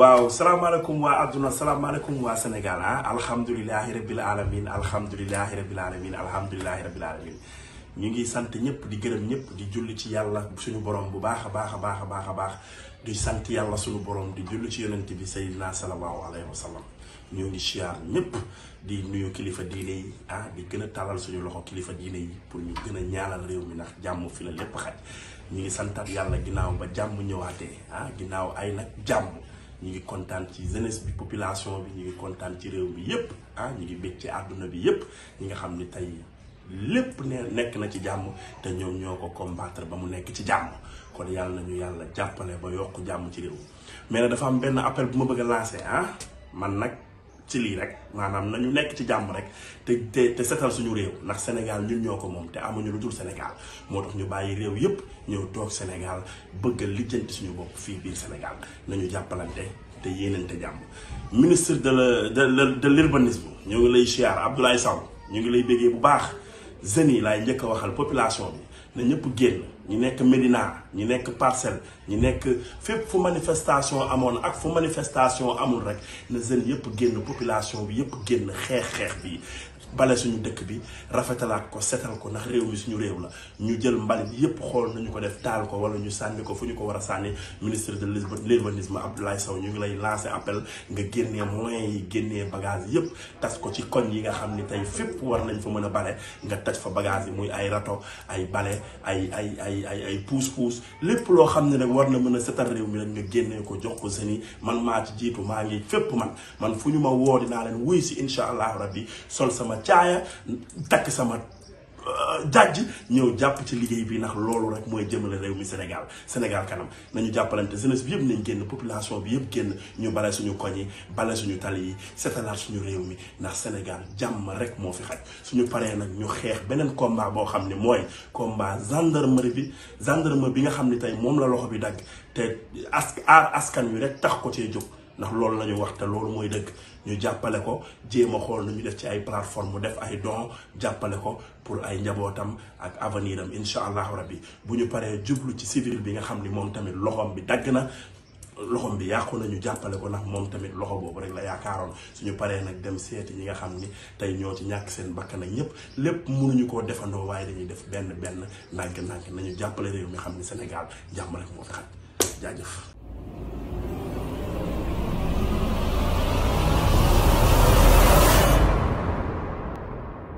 waaw salaamaaleykum waa adduna salaamaaleykum waa Sénégal ah alhamdulilahi rabil alamin alhamdulilahi rabil alamin alhamdulilahi rabil alamin ñu ngi sant ñëpp di gërëm ñëpp di julli ci yàlla suñu borom bu baax a baax a baax a baax a baax di sant yàlla suñu borom di julli ci yonent bi sayyidina sallallahu alayhi wa sallam ñoo ngi siyaar ñëpp di nuyu kilifa diine yi ah di gën a tàllal suñu loxo kilifa diine yi pour ñu gën a ñaanal réew mi ndax jàmm fi la lépp xaj ñu ngi santat yàlla ginnaaw jàmm ñëwaatee ah ginnaaw ay nag jàmm ñu ngi kontaan ci jeunesse bi population bi ñu ngi kontaan ci réew mi yépp ah ñu ngi bëgg ci àdduna bi yépp ñi nga xam ni tey lépp ne nekk na ci jàmm te ñoom ñoo ko combattre ba mu nekk ci jàmm kon yàlla ñu yàlla jàppale ba yokk jàmm ci réew mais nag dafa am benn appel bu ma bëgg a ah man nag. ci lii rek maanaam nañu nekk ci jàmm rek te te te setal suñu réew ndax Sénégal ñun ñoo ko moom te amuñu lu dul Sénégal moo tax ñu bàyyi réew yépp ñëw toog Sénégal bëgg a suñu bopp fii biir Sénégal nañu jàppalante te yéenante jàmm ministre de la de de l'urbanisme ñu ngi lay siyaar Abdoulaye Sow ñu ngi lay béggee bu baax jeunes yi laay njëkk a waxal population bi na ñëpp génn ñi nekk Médina ñi nekk parcelle ñi nekk fépp fu manifestation amoon ak fu manifestation amul rek na jeunes yëpp génn population bi yëpp génn xeex xeex bi bale suñu dëkk bi rafetalaat ko setal ko ndax réew mi suñu réew la ñu jël mbalit yépp xool nañu ko def taal ko wala ñu sànni ko fu ñu ko war a sànni ministre de l'urbanisme Abdoulaye Sow ñu ngi lay lancé appel nga génnee moyens génnee bagage yépp tas ko ci koñ yi nga xam ni tey fépp war nañ fa mën a bale nga taj fa bagage yi muy ay rato ay bale ay ay ay ay ay puus-puus lépp loo xam ne nag war na mën a setal réew mi nag génnee ko jox ko seni man maa ci jiitu maa ngi fépp man man fu ñu ma woo dinaa leen wuy si incha allah rabbi sol sama caaya takk sama euh, jàjj ñëw jàpp ci liggéey bi ndax loolu rek mooy jëmale réew mi Sénégal Sénégal kanam nañu jàppalante jeunesse bi yëpp nañ génn population bi yëpp génn ñu bale suñu koñ yi bale suñu tali yi setalaat suñu réew mi ndax Sénégal jàmm rek moo fi xaj suñu paree nag ñu xeex beneen combat boo xam ne mooy combat gendarmerie bi gendarmerie bi nga xam ne tey moom la loxo bi dagg te as aar askan wi rek tax ko cee jóg ndax loolu la ñu wax te loolu mooy dëgg ñu jàppale ko jéem a xool nu ñu def ci ay mu def ay don jàppale ko pour ay njabootam ak avenir am incha allahu rabbi bu ñu paree jublu ci civil bi nga xam ni moom tamit loxoom bi dagg na loxoom bi yàqu na ñu jàppale ko ndax moom tamit loxo boobu rek la yaakaaroon suñu paree nag dem seeti ñi nga xam ni tey ñoo ci ñàkk seen bakkan nag ñëpp lépp mënuñu koo defandoo waaye dañuy def benn benn nànk-nànk nañu jàppale réew mi xam ni Sénégal jàmm rek moo taxat jaajëf.